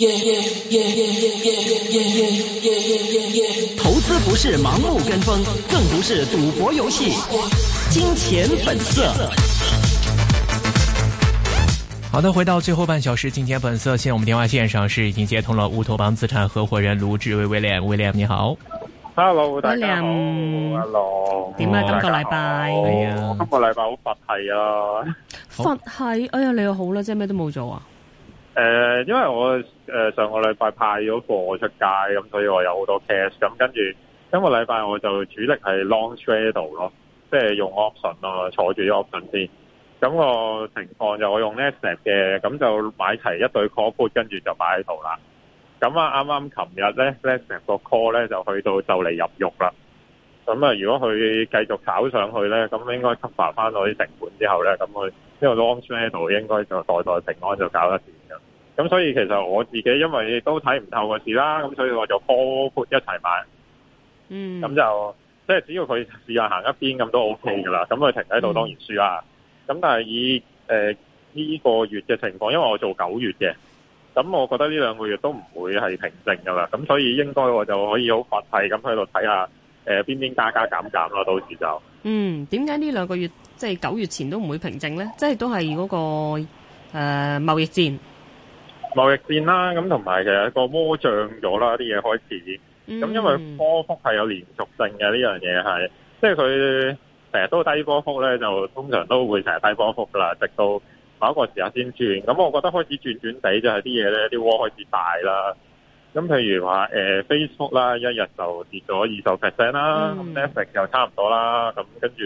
Yeah, yeah, yeah, yeah, yeah, yeah, yeah, yeah, 投資不是盲目跟風，更不是賭博遊戲。金錢本色。好的，回到最後半小時，金錢本色。現在我們電話線上是已經接通了烏托邦資產合夥人盧志威威廉。威廉你好，Hello，大家好。Hello，點啊？今個禮拜？哎呀，今個禮拜好佛系啊。佛系？哎呀，你又好啦，真係咩都冇做啊。誒、呃，因為我上個禮拜派咗貨出街，咁所以我有好多 cast，咁跟住，今個禮拜我就主力係 l a u n c h r a d e 度咯，即係用 option 咯，坐住咗 option 先。咁個情況就我用 nextstep 嘅，咁就買齊一對 call o r d 跟住就擺喺度啦。咁啊，啱啱琴日咧，nextstep 個 call 咧就去到就嚟入肉啦。咁啊，如果佢繼續炒上去咧，咁應該 cover 翻到啲成本之後咧，咁佢呢個 l a u n c h r a d e 度應該就代代平安就搞得掂嘅。咁所以其實我自己因為都睇唔透個市啦，咁所以我就波闊一齊買。嗯，咁就即係只要佢試下行一邊咁都 O K 噶啦。咁、嗯、佢停喺度當然輸啦。咁、嗯、但係以誒呢、呃這個月嘅情況，因為我做九月嘅，咁我覺得呢兩個月都唔會係平靜噶啦。咁所以應該我就可以好佛系咁喺度睇下誒、呃、邊邊加加減減咯。到時就嗯點解呢兩個月即係九月前都唔會平靜咧？即、就、係、是、都係嗰、那個誒、呃、貿易戰。貿易戰啦，咁同埋其實個窩漲咗啦，啲嘢開始。咁因為波幅係有連續性嘅，呢、mm-hmm. 樣嘢係，即係佢成日都低波幅咧，就通常都會成日低波幅噶啦，直到某一個時候先轉。咁我覺得開始轉轉地，就係啲嘢咧，啲窩開始大啦。咁譬如話誒、呃、Facebook 啦，一日就跌咗二十 percent 啦、mm-hmm.，咁 Netflix 又差唔多啦，咁跟住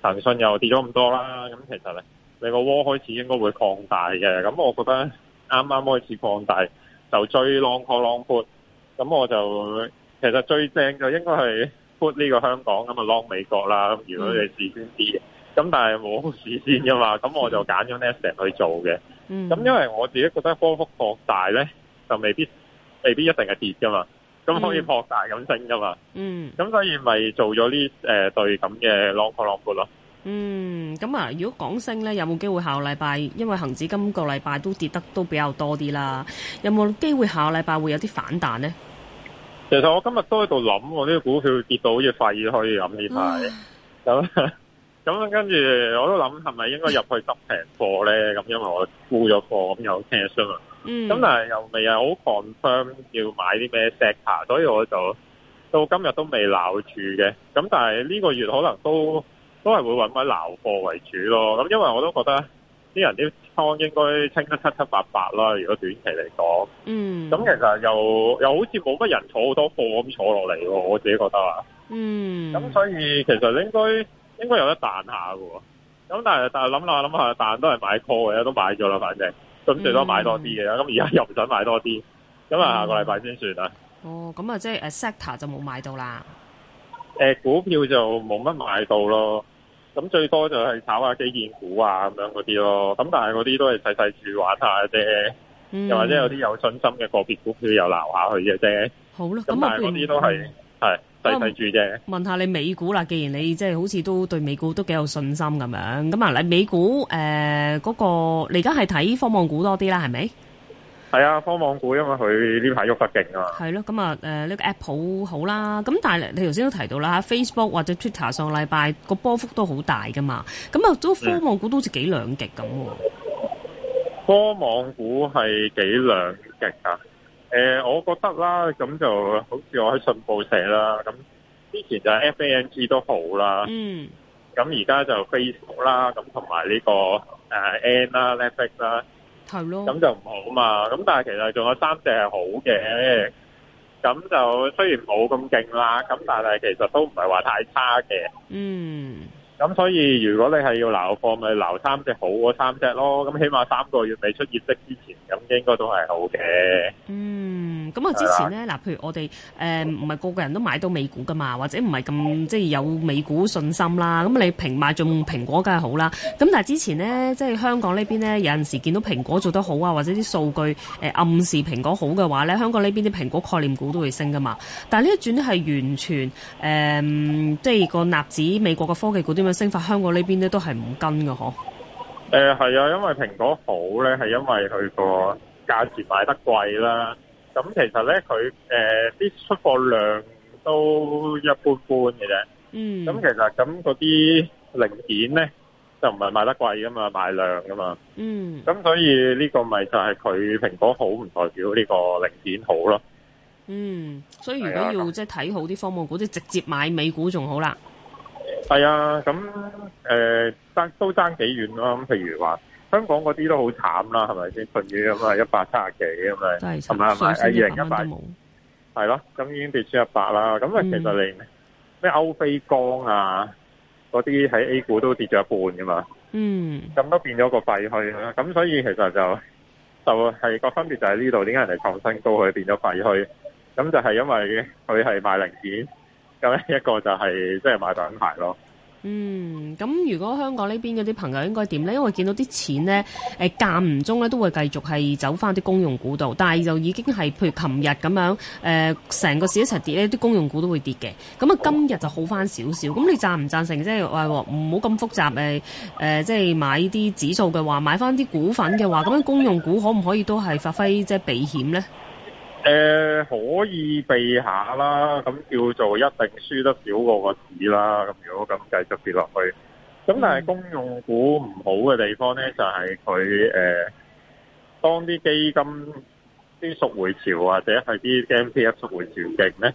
騰訊又跌咗咁多啦。咁其實咧，你個窩開始應該會擴大嘅。咁我覺得。啱啱開始擴大，就最 Long Call Long Put 咁我就其實最正就應該係 Put 呢個香港，咁啊 Long 美國啦，如果你事先知嘅咁，但係冇事先噶嘛，咁、嗯嗯、我就揀咗 Nasdaq 去做嘅。咁、嗯、因為我自己覺得波幅擴大咧，就未必未必一定係跌噶嘛，咁可以擴大咁升噶嘛。嗯，咁所以咪做咗呢誒對咁嘅 Long Call Long Put 咯。嗯，咁啊，如果講升咧，有冇機會下個禮拜？因為恒指今個禮拜都跌得都比較多啲啦，有冇機會下個禮拜會有啲反彈呢？其實我今日都喺度諗，我啲股票跌到要廢去咁呢塊咁咁。跟住、嗯嗯、 我都諗係咪應該入去執平貨呢？咁因為我沽咗貨，我邊有 cash 咁、嗯、但係又未係，好 confirm 要買啲咩 sector，所以我就到今日都未撈住嘅。咁但係呢個月可能都。都係會搵位撈貨為主咯，咁因為我都覺得啲人啲倉應該清得七七八八啦。如果短期嚟講，咁、嗯、其實又又好似冇乜人坐好多貨咁坐落嚟，我自己覺得啊。嗯。咁所以其實應該應該有得彈下嘅。咁但係但係諗下諗下，彈都係買 call 嘅，都買咗啦，反正咁最多買多啲嘅。咁而家又唔想買多啲，咁啊下個禮拜先算啦、嗯。哦，咁啊即係誒 sector 就冇買到啦。誒、欸，股票就冇乜買到咯。咁最多就係炒下基建股啊咁樣嗰啲咯，咁但係嗰啲都係細細注玩下啫、嗯，又或者有啲有信心嘅個別股票又鬧下佢嘅啫。好啦，咁但係嗰啲都係係細細注啫、嗯。問下你美股啦，既然你即係好似都對美股都幾有信心咁樣，咁啊、呃嗰個，你美股誒嗰個你而家係睇科網股多啲啦，係咪？係啊，科網股因為佢呢排喐得勁啊嘛。係咯，咁啊，誒，呢、呃這個 a p p 好好啦，咁但係你頭先都提到啦 ，Facebook 或者 Twitter 上個禮拜個波幅都好大噶嘛，咁啊都科網股都好似幾兩極咁、嗯。科網股係幾兩極啊？誒、呃，我覺得啦，咁就好似我喺信報寫啦，咁之前就係 F A N G 都好啦，嗯，咁而家就 Facebook 啦，咁同埋呢個誒、呃、N 啦、啊、，Netflix 啦。係咯，咁就唔好嘛。咁但係其實仲有三隻係好嘅，咁就雖然冇咁勁啦，咁但係其實都唔係話太差嘅。嗯。咁所以如果你係要留貨，咪留三隻好嗰三隻咯。咁起碼三個月未出業績之前，咁應該都係好嘅。嗯。咁啊！之前呢，嗱，譬如我哋誒唔係個個人都買到美股噶嘛，或者唔係咁即係有美股信心啦。咁你平買仲蘋果梗係好啦。咁但係之前呢，即係香港呢邊呢，有陣時見到蘋果做得好啊，或者啲數據誒暗示蘋果好嘅話呢，香港呢邊啲蘋果概念股都會升噶嘛。但係呢一轉呢係完全誒，即係、呃、即係個納指美國嘅科技股點樣升法，香港呢邊呢都係唔跟㗎嗬。誒係啊，因為蘋果好呢，係因為佢個價錢買得貴啦。咁其實咧，佢誒啲出貨量都一般般嘅啫。嗯。咁其實咁嗰啲零件咧，就唔係賣得貴㗎嘛，賣量㗎嘛。嗯。咁所以呢個咪就係佢蘋果好唔代表呢個零件好咯。嗯，所以如果要即係睇好啲科網股，即係直接買美股仲好啦。係啊，咁誒，爭、呃、都爭幾遠咯。咁譬如話。香港嗰啲都好慘啦，係咪先？舜宇咁係一百七十幾咁咪，係咪係二零一百，係、嗯、咯，咁已經跌穿一百啦。咁、嗯、啊，其實你咩歐菲光啊，嗰啲喺 A 股都跌咗一半噶嘛。嗯。咁都變咗個廢墟啦。咁所以其實就就係、是、個分別就喺呢度，點解人哋創新高佢變咗廢墟？咁就係因為佢係賣零件。咁一個就係即係賣品牌咯。嗯，咁如果香港呢邊嗰啲朋友應該點呢？因為見到啲錢呢，誒間唔中咧都會繼續係走翻啲公用股度，但係就已經係，譬如琴日咁樣，誒、呃、成個市一齊跌呢，啲公用股都會跌嘅。咁啊，今日就好翻少少。咁你贊唔贊成即係話唔好咁複雜？誒、呃、誒，即係買啲指數嘅話，買翻啲股份嘅話，咁樣公用股可唔可以都係發揮即係避險呢？誒、呃，可以避下啦，咁叫做一定輸得少過個市啦。咁如果咁繼續跌落去，咁但係公用股唔好嘅地方咧，就係佢誒，當啲基金啲贖回潮或者係啲 MPF 贖回潮勁咧，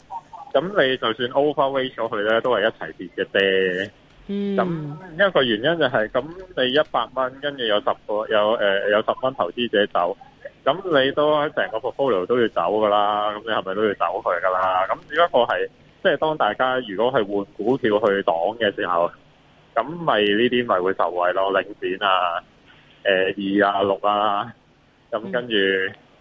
咁你就算 overweight 咗佢咧，都係一齊跌嘅啫。咁、嗯、一個原因就係、是、咁，你一百蚊，跟住有十個，有誒、呃、有十蚊投資者走。咁你都喺成個 portfolio 都要走㗎啦，咁你係咪都要走佢㗎啦？咁只不過係即係當大家如果係換股票去擋嘅時候，咁咪呢啲咪會受惠咯？領展啊、呃，二啊六啊，咁跟住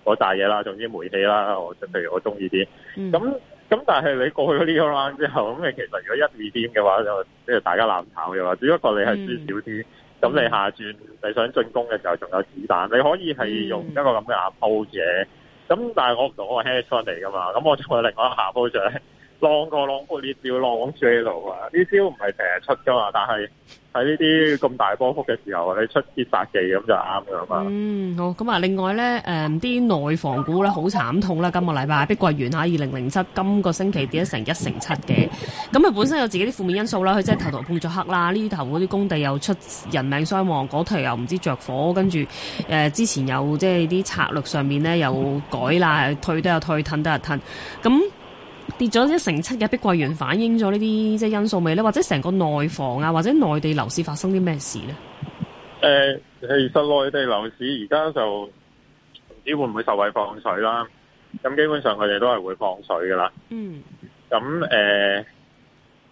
嗰大嘢啦，總之啲煤氣啦，我譬如我中意啲。咁咁但係你過去呢個 round 之後，咁你其實如果一二點嘅話，就即係大家攬炒嘅話，只不過你係輸少啲。咁你下轉你想進攻嘅時候，仲有子彈，你可以係用一個咁嘅下鋪嘅。咁但係我唔同，我係 head shot 嚟噶嘛。咁我仲有另外一下鋪上。浪個浪破裂就浪追一路啊！呢招唔係成日出噶嘛，但係喺呢啲咁大波幅嘅時候，你出絕殺技咁就啱噶嘛。嗯，好咁啊！另外咧，誒、呃，啲內房股咧好慘痛啦！今個禮拜碧桂園啊，二零零七，今個星期跌咗成一成七嘅。咁佢本身有自己啲負面因素啦，佢即係頭頭碰咗黑、嗯、啦，呢頭嗰啲工地又出人命傷亡，嗰、那、頭、個、又唔知着火，跟住誒，之前有即係啲策略上面咧又改啦，退都有退，吞都有吞。咁。跌咗一成七嘅碧桂園反映咗呢啲即係因素未咧？或者成個內房啊，或者內地樓市發生啲咩事咧？誒、呃，其實內地樓市而家就唔知會唔會受惠放水啦。咁基本上佢哋都係會放水噶啦。嗯。咁誒、呃，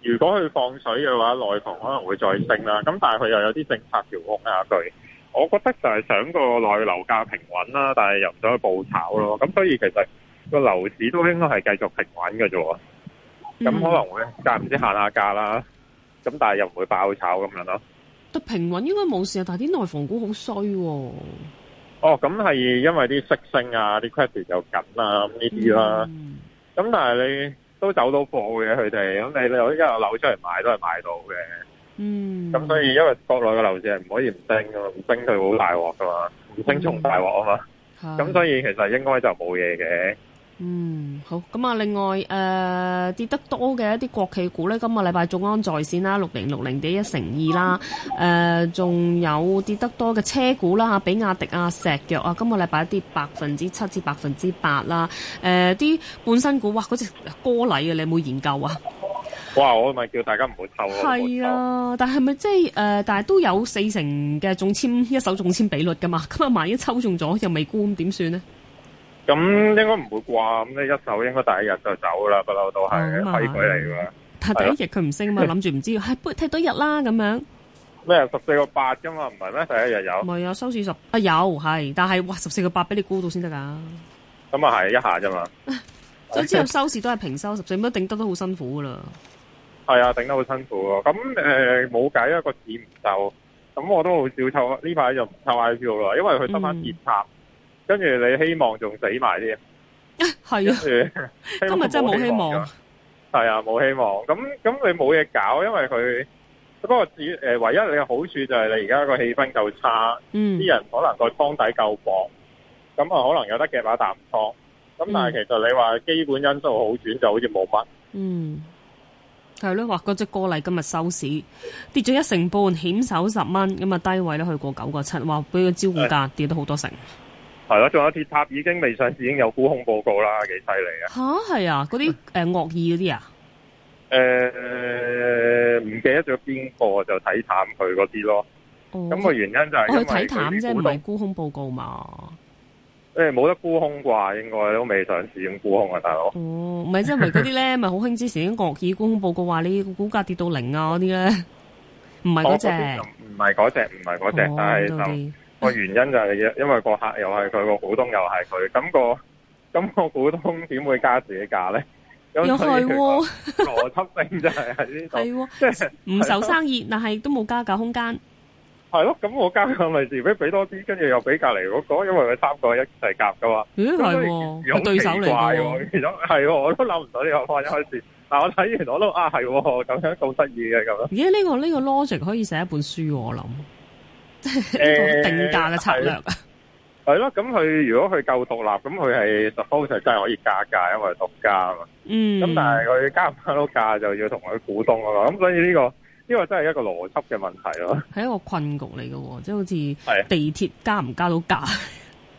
如果佢放水嘅話，內房可能會再升啦。咁但係佢又有啲政策調控啊，佢，我覺得就係想個內樓價平穩啦，但係又唔想去暴炒咯。咁所以其實。個樓市都應該係繼續平穩嘅啫，咁、嗯、可能會間唔、嗯、知限下價啦，咁、嗯、但係又唔會爆炒咁樣咯。得平穩應該冇事啊，但係啲內房股好衰、哦。哦，咁係因為啲息升啊，啲 credit 又緊啊，咁呢啲啦。咁、嗯、但係你都走到貨嘅佢哋，咁你有一有樓出嚟賣都係賣到嘅。嗯。咁所以因為國內嘅樓市係唔可以唔升噶嘛，唔升佢好大鑊噶嘛，唔升仲大鑊啊嘛。咁所以其實應該就冇嘢嘅。嗯嗯嗯，好。咁啊，另外誒、呃，跌得多嘅一啲國企股咧，今個禮拜眾安在線啦，六零六零跌一成二啦。誒，仲有跌得多嘅車股啦，吓，比亞迪啊、石藥啊，今個禮拜一跌百分之七至百分之八啦。誒、呃，啲半新股，哇，嗰隻歌禮啊，你有冇研究啊？哇，我咪叫大家唔好抽咯。係啊，但係咪即係誒、呃？但係都有四成嘅中簽，一手中簽比率噶嘛。咁啊，萬一抽中咗又未沽，點算呢？咁應該唔會啩，咁呢一手應該第一日就走啦，不嬲都係規佢嚟嘅。但第一日佢唔升嘛，諗住唔知，係、哎、跌多一日啦咁樣。咩？十四個八啫嘛？唔係咩？第一日有。唔係有收市十啊有係，但係哇十四個八俾你估到先得噶。咁啊係一下啫嘛。 所以之後收市都係平收十四蚊，咁樣頂得都好辛苦噶啦。係 啊，頂得好辛苦。咁誒冇計啊，呃、一個錢唔夠。咁我都好少抽呢排就唔抽 I P O 啦，因為佢得翻跌插。嗯跟住你希望仲死埋啲，係啊。啊 今日真係冇希望，係啊，冇希望。咁咁你冇嘢搞，因為佢不過只誒、呃，唯一你嘅好處就係你而家個氣氛夠差，嗯，啲人可能個倉底夠薄，咁啊，可能有得夾下淡倉。咁但係其實你話基本因素好轉就好似冇乜，嗯，係咯。話嗰隻歌禮今日收市跌咗一成半，險守十蚊咁啊，低位都去過九個七，話俾個招股價跌咗好多成。哎係咯，仲有鐵塔已經未上市，已經有沽空報告啦，幾犀利啊！吓係啊，嗰啲誒惡意嗰啲啊？誒、 呃，唔記得咗邊個就睇淡佢嗰啲咯。咁、哦嗰個原因就係佢睇淡啫，唔係沽空報告嘛。誒、欸，冇得沽空啩？應該都未上市，已經沽空啊，大佬。唔、哦、係，即係咪嗰啲咧？咪好興之前已經惡意沽空報告話你股價跌到零啊嗰啲咧？唔係嗰隻，唔係嗰隻，唔係嗰隻，但係就。個原因就係，因為客是他股東是他、那個客又係佢個股東，又係佢。咁個咁個股東點會加自己價咧？有係邏輯性就係喺呢度，即係唔受生意， 但係都冇加價空間。係 咯、哦，咁我加價咪除非俾多啲，跟住又俾隔籬嗰個，因為佢三個一齊夾噶嘛。咁係個對手嚟嘅，係、啊 哦、我都諗唔到呢個方案一開始。 但我睇完我都啊係，咁、哦、樣咁得意嘅咁。而家呢個呢、這個 logic 可以寫一本書，我諗。 一種定價嘅策略啊，係咯，咁佢如果佢夠獨立，咁佢係 suppose 真係可以加價，因為獨家啊嘛。嗯。咁但係佢加唔加到價，就要同佢股東嘛。咁所以呢個呢個真係一個邏輯嘅問題咯。係一個困局嚟嘅，即係好似係地鐵加唔加到價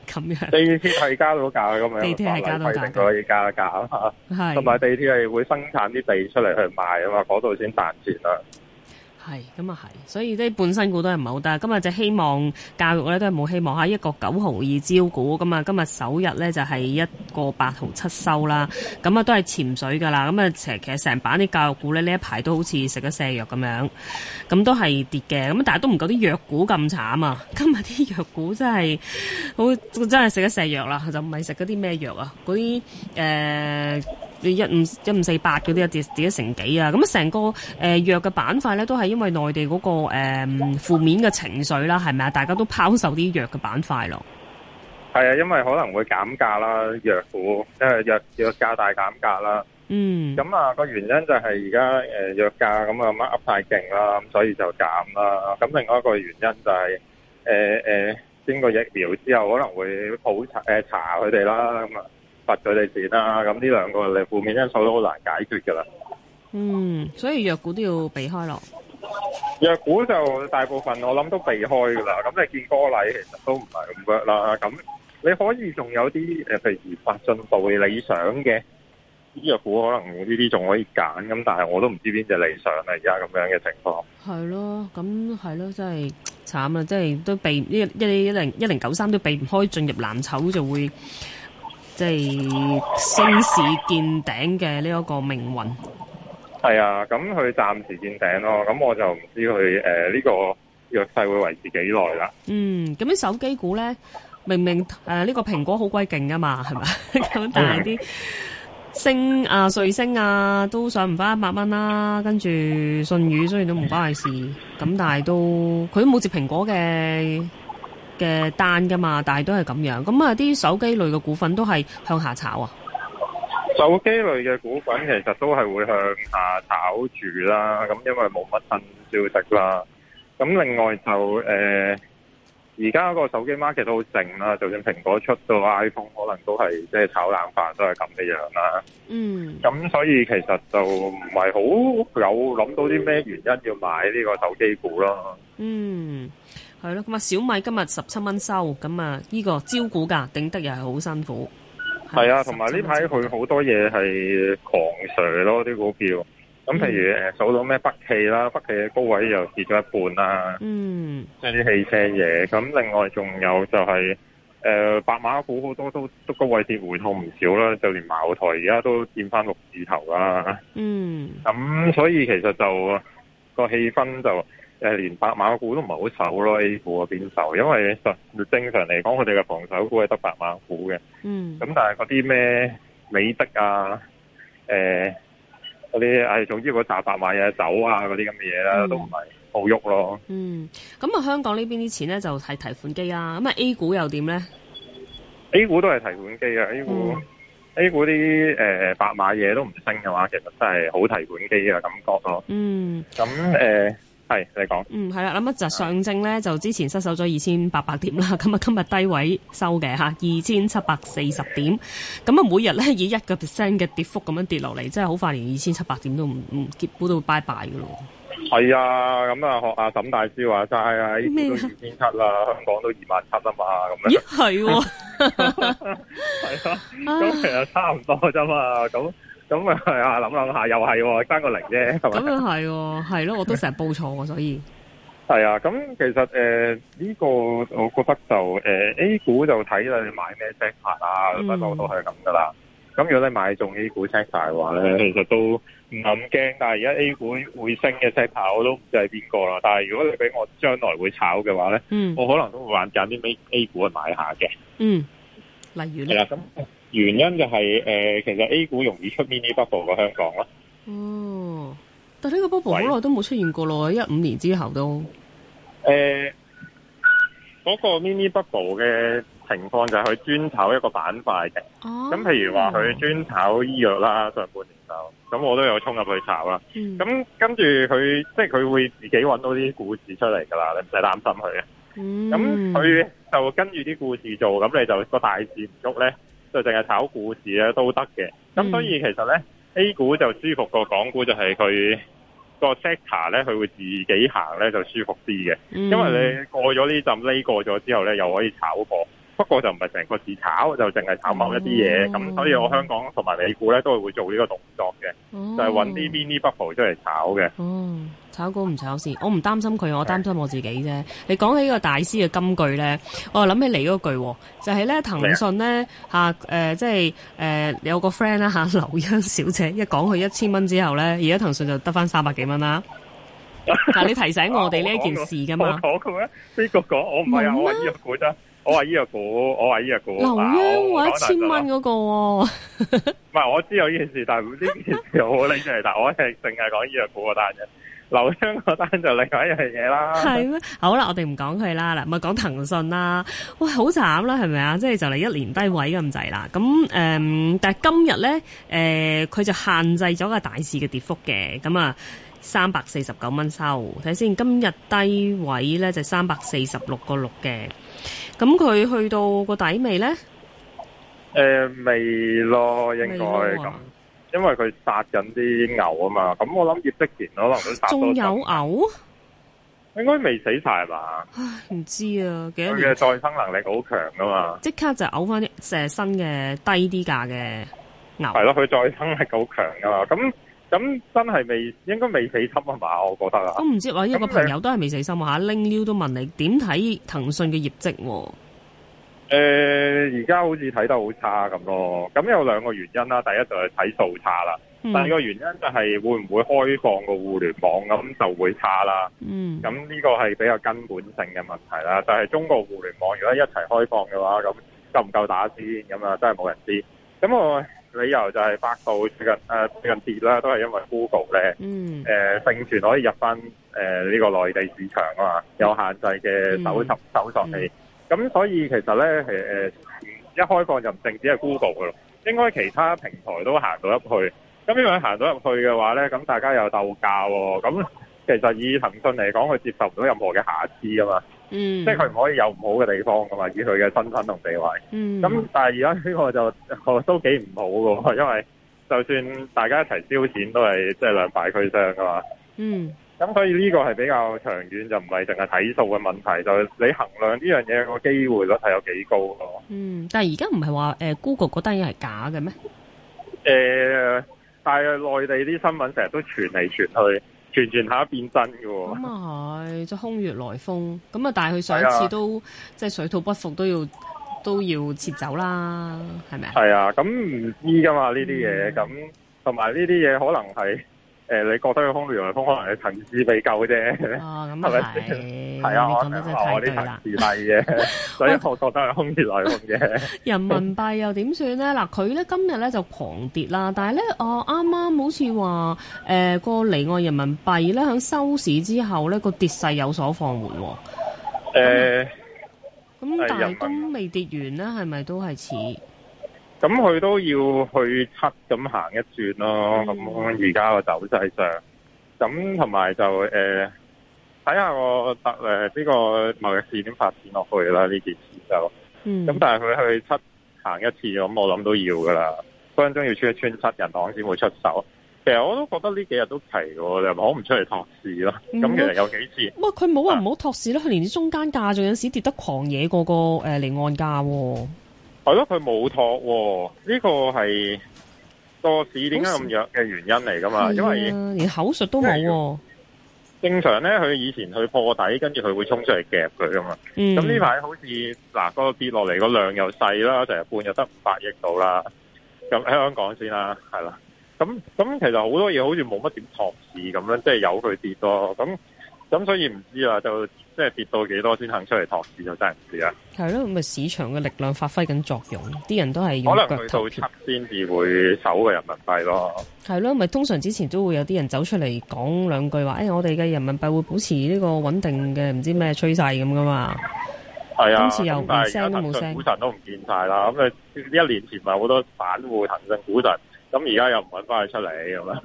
咁樣。地鐵係加到價咁樣，地鐵係加到價，可以加價啦。係。同埋地鐵係會生產啲地出嚟去賣啊嘛，嗰度先賺錢啦。係，咁啊係，所以啲半新股都係唔好得，今日就希望教育咧都係冇希望嚇，一個九毫二招股，咁啊今日首日咧就係，是，一個八毫七收啦，咁啊都係潛水噶啦，咁啊成其實成版啲教育股咧呢呢一排都好似食咗瀉藥咁樣，咁都係跌嘅，咁但係都唔夠啲藥股咁慘啊，今日啲藥股真係好真係食咗瀉藥啦，就唔係食嗰啲咩藥啊，嗰啲誒。呃一五一五四八嗰啲跌自己成幾啊！咁成個誒、呃、藥嘅板塊咧，都係因為內地嗰、那個誒、呃、負面嘅情緒啦，係咪啊？大家都拋售啲藥嘅板塊咯。係啊，因為可能會減價啦，藥股誒藥藥價大減價啦。嗯。咁啊，個原因就係而家誒藥價咁啊，乜 up 太勁啦，咁所以就減啦。咁另外一個原因就係誒誒經過疫苗之後可能會普查查佢哋啦咁啊。嗯罰佢哋錢啦，咁呢兩個嘅負面因素都好難解決噶啦。嗯,所以藥股都要避開咯。藥股就大部分我諗都避開噶啦，咁你見歌禮其實都唔係咁多啦。咁你可以仲有啲誒，譬如發進步嘅理想嘅藥股，可能呢啲仲可以揀咁，但係我都唔知邊隻理想啦。而家咁樣嘅情況係咯，咁係咯，真係慘啦，真係都避一一零一零九三都避唔開，進入藍籌就會。即係升市見頂嘅呢一個命運，係啊，咁佢暫時見頂咯，咁我就唔知佢誒呢個弱勢會維持幾耐啦。嗯，咁啲手機股咧，明明誒呢、呃這個蘋果好鬼勁噶嘛，係咪？咁 但係啲升啊瑞星啊都上唔翻一百蚊啦，跟住信宇雖然都唔關佢事，咁但係都佢都冇接蘋果嘅。嘅單噶嘛，但係都係咁樣。咁啊，啲手機類嘅股份都係向下炒啊。手機類嘅股份其實都係會向下炒住啦。咁因為冇乜新消息啦。咁另外就誒，而、呃、家個手機 market 都好靜啦。就算蘋果出到 iPhone，可能都係即係炒冷飯，都係咁嘅樣啦。嗯。咁所以其實就唔係好有諗到啲咩原因要買呢個手機股咯。嗯、mm.。係咯，咁啊小米今日十七蚊收，咁啊呢個招股價，頂得又係好辛苦。係啊，同埋呢排佢好多嘢係狂衰咯，啲股票。咁譬如誒，數、嗯、到咩北汽啦，北汽嘅高位又跌咗一半啦。嗯。即係啲汽車嘢，咁另外仲有就係、是、誒、呃、白馬股好多都都高位跌回吐唔少啦，就連茅台而家都跌翻六字頭啦。嗯。咁所以其實就個氣氛就。誒，連白馬股都唔係好受咯，A 股啊變受，因為正正常嚟講，佢哋嘅防守股係得白馬股嘅。嗯。咁但係嗰啲咩美的啊，誒啲誒，那些總之個雜白馬嘢走啊，嗰啲咁嘅嘢啦，都唔係好喐咯。嗯。咁、嗯、啊，香港呢邊啲錢咧就係提款機啊。咁啊，A 股又點咧？A 股都係提款機啊！A 股、嗯、A 股啲誒、呃、白馬嘢都唔升嘅話，其實真係好提款機嘅感覺咯。嗯。咁、嗯、誒。嗯呃係你講，嗯，係啦，咁乜就上證咧就之前失守咗二千八百點啦，咁啊今日低位收嘅吓二千七百四十點，咁啊每日咧以一個 percent 嘅跌幅咁樣跌落嚟，真係好快連二千七百點都唔唔估補到拜拜噶咯。係啊，咁啊學阿沈大師話齋啊，咩都二千七啦，香港都二萬七啊嘛，咁樣。咦係，係 啊，都係啊，差唔多啫嘛，咁。咁 啊，係啊、哦，諗諗下又係，爭個零啫，咁啊係，係咯，我都成日報錯嘅，所以係 啊。咁其實誒，呢、呃這個我覺得就誒、呃、，A 股就睇啦，你買咩 set 牌啊，不過都係咁噶啦。咁如果你買中 A 股 set 牌嘅話咧，其實都唔咁驚。但係而家 A 股會升嘅 set 牌，我都唔知係邊個啦。但係如果你俾我將來會炒嘅話咧、嗯，我可能都會玩揀啲 A 股去買下嘅，嗯，例如咧，係啊，咁。原因就係、是、誒、呃，其實 A 股容易出 mini bubble 個香港咯。哦，但呢個 bubble 好耐都冇出現過咯，一五年之後都。誒、呃，嗰、那個 mini bubble 嘅情況就係佢專炒一個板塊嘅。哦、啊。咁譬如話佢專炒醫藥啦，上半年就咁，那我都有衝入去炒啦。咁、嗯、跟住佢，即係佢會自己揾到啲故事出嚟噶啦，你唔使擔心佢啊。咁、嗯、佢就跟住啲故事做，咁你就個大市唔喐咧。就淨係炒股市咧都得嘅，咁所以其實咧、嗯、A 股就舒服過港股就是它，就係佢個 sector 咧，佢會自己行咧就舒服啲嘅、嗯，因為你過咗呢陣呢，過咗之後咧又可以炒貨。不過就唔係成個市炒，就淨係炒某一啲嘢咁，嗯、所以我香港同埋美股咧都係會做呢個動作嘅、嗯，就係、是、搵啲 mini bubble 出嚟炒嘅。嗯，炒股唔炒市，我唔擔心佢，我擔心我自己啫。你講起呢個大師嘅金句咧，我諗起嚟嗰句，就係咧騰訊咧吓誒，即係誒、呃、你有個 friend 啦吓，劉央小姐，一講佢一千蚊之後咧，而家騰訊就得翻三百幾蚊啦。 你提醒我哋呢一件事噶嘛？講個咩？呢個講，我唔係啊，我係呢個股啫。我話呢隻股，我話呢隻股，劉央話一千蚊嗰個唔、啊、係 我知有呢件事，但係唔知呢件事好拎出嚟， 但我係淨係講醫藥股個單啫。劉央個單就另外一樣嘢啦，係咩？好啦，我哋唔講佢啦嗱，咪講騰訊啦。喂，好慘啦，係咪啊？即係就嚟、是、一年低位咁滯啦。咁誒、嗯，但係今日咧誒，佢、呃、就限制咗個大市嘅跌幅嘅咁啊，三百四十九蚊收睇先。今日低位咧就是、三百四十六個六嘅。咁佢去到個底未咧？誒、呃，未咯，應該咁，因為佢殺緊啲牛啊嘛。咁我諗業績前可能佢殺。仲有牛，應該未死晒吧？唔知啊，佢嘅再生能力好強噶嘛，即刻就嘔翻啲成新嘅低啲價嘅牛，係咯，佢再生係夠強噶嘛，咁。咁真係未，應該未死心吖嘛？我覺得啊，都唔知我有個朋友都係未死心啊！拎妞、就是、都問你點睇騰訊嘅業績？誒、呃，而家好似睇得好差咁咯。咁有兩個原因啦，第一就係睇數差啦，第、嗯、二個原因就係會唔會開放個互聯網咁就會差啦。嗯，咁呢個係比較根本性嘅問題啦。但、嗯、係、就是、中國互聯網如果一齊開放嘅話，咁夠唔夠打先？咁啊，真係冇人知。咁我。理由就係百度最近誒最近跌啦，都係因為 Google 咧誒盛傳可以入翻誒呢個內地市場啊嘛，有限制嘅搜索、嗯、搜索器咁，嗯、所以其實咧誒、呃、一開放就唔淨止係 Google 噶咯，應該其他平台都行到入去。咁因為行到入去嘅話咧，咁大家又鬥價咁，其實以騰訊嚟講，佢接受唔到任何嘅瑕疵啊嘛。嗯，即係佢唔可以有唔好嘅地方噶嘛，以佢嘅身份同地位。嗯，咁但係而家呢個就，都幾唔好噶，因為就算大家一齊燒錢都是，都係即係兩敗俱傷噶嘛。嗯，咁所以呢個係比較長遠，就唔係淨係睇數嘅問題，就你衡量呢樣嘢個機會率係有幾高咯。嗯，但係而家唔係話誒，Google 覺得嘢係假嘅咩？誒、欸，但係內地啲新聞成日都傳嚟傳去。全全下變真嘅喎、哦，咁啊係，即、就是、空穴來風。咁啊，但係佢上一次都、啊、即水土不服，都要都要撤走啦，係咪啊？係啊，咁唔知噶嘛呢啲嘢。咁同埋呢啲嘢可能係，誒、呃，你覺得個空穴來風可能係層次未夠嘅啫。哦、嗯，咁 啊係。嗯 係啊，你講得真係太低啦，嘅， 所以我覺得係空穴來風嘅。人民幣又點算咧？嗱， 佢咧今日咧就狂跌啦，但係咧，我啱啱好似話，誒、呃，個離岸人民幣咧喺收市之後咧個跌勢有所放緩、哦。誒、欸，咁但係都未跌完咧，係咪都係似？咁佢都要去七咁行一轉咯。咁而家個走勢上，咁同埋就誒。呃睇下我突誒呢個貿易試點發展落去啦，呢件事就咁。但係佢去出行一次，咁我諗都要噶啦，分分鐘要穿一穿七人檔先會出手。其實我都覺得呢幾日都齊嘅，你係我唔出嚟托市咯。咁、嗯、其實有幾次，喂、嗯，佢冇話唔好托市咯，佢、啊、連中間價仲有時跌得狂野過嗰個誒離岸價。係咯，佢冇托，呢、呢個係多市點解咁弱嘅原因嚟噶嘛？因為是、啊、連口述都冇。正常咧，佢以前去破底，跟住佢會衝出嚟夾佢噶嘛。咁呢排好似嗱、那個跌落嚟個量又細啦，成日半日得五百億到啦。咁喺香港先啦，係啦。咁咁其實多好多嘢好似冇乜點託市咁樣，即係由佢跌多。咁。咁所以唔知啊，就即係、就是、跌到幾多先肯出嚟托市就真係唔知啦。係咯，咁咪市場嘅力量發揮緊作用，啲人都係用腳投票先至會走嘅人民幣咯。係咯，咪通常之前都會有啲人走出嚟講兩句話，誒、哎，我哋嘅人民幣會保持呢個穩定嘅唔知咩趨勢咁噶嘛。係啊，今次又冇聲，聲都冇聲。股神都唔見晒啦，咁啊，一年前咪好多反壟騰訊股神，咁而家又唔搵翻佢出嚟咁啊，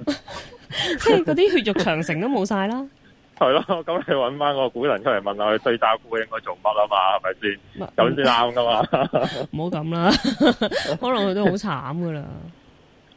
即係嗰啲血肉長城都冇晒啦。 係咯，咁你揾翻個股神出嚟問下佢對揸股應該做乜啊 嘛，係咪先，咁先啱噶嘛？唔好咁啦，可能佢都好慘噶啦。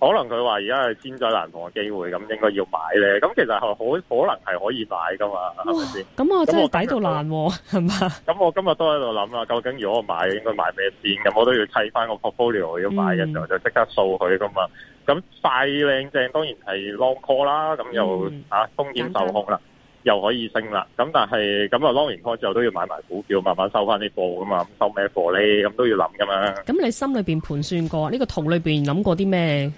可能佢話而家係千載難逢嘅機會，咁應該要買咧。咁其實係可可能係可以買噶嘛，係咪先？咁我真係抵到爛係嘛？咁我今日 都喺度諗啦，究竟如果我買，應該買咩先？咁我都要砌翻個 portfolio 要買嘅時候就即刻掃佢噶嘛。咁、嗯、快靚正，當然係 long call 啦。咁、嗯、又啊，風險受控啦。又可以升啦，咁但係咁啊，long 完 call 之後都要買埋股票，慢慢收翻啲貨噶嘛，收咩貨咧？咁都要諗噶嘛。咁你心裏邊盤算過呢、這個圖裏邊諗過啲咩？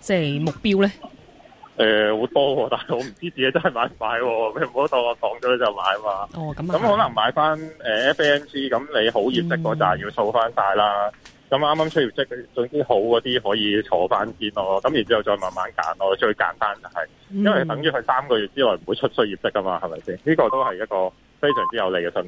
即係目標咧？誒、呃，好多、啊，但係我唔知自己真係買唔買、啊， 你唔好當我講咗就買嘛。哦，咁、嗯、咁可能買翻誒 FMC，咁、嗯、你好業績嗰陣要掃翻晒啦。嗯嗯咁啱啱出業績總之，好嗰啲可以坐翻先咯。咁然之後再慢慢揀咯。最簡單就係，因為等於佢三個月之內唔會出衰業績噶嘛，係咪先？呢個都係一個非常之有利嘅信息。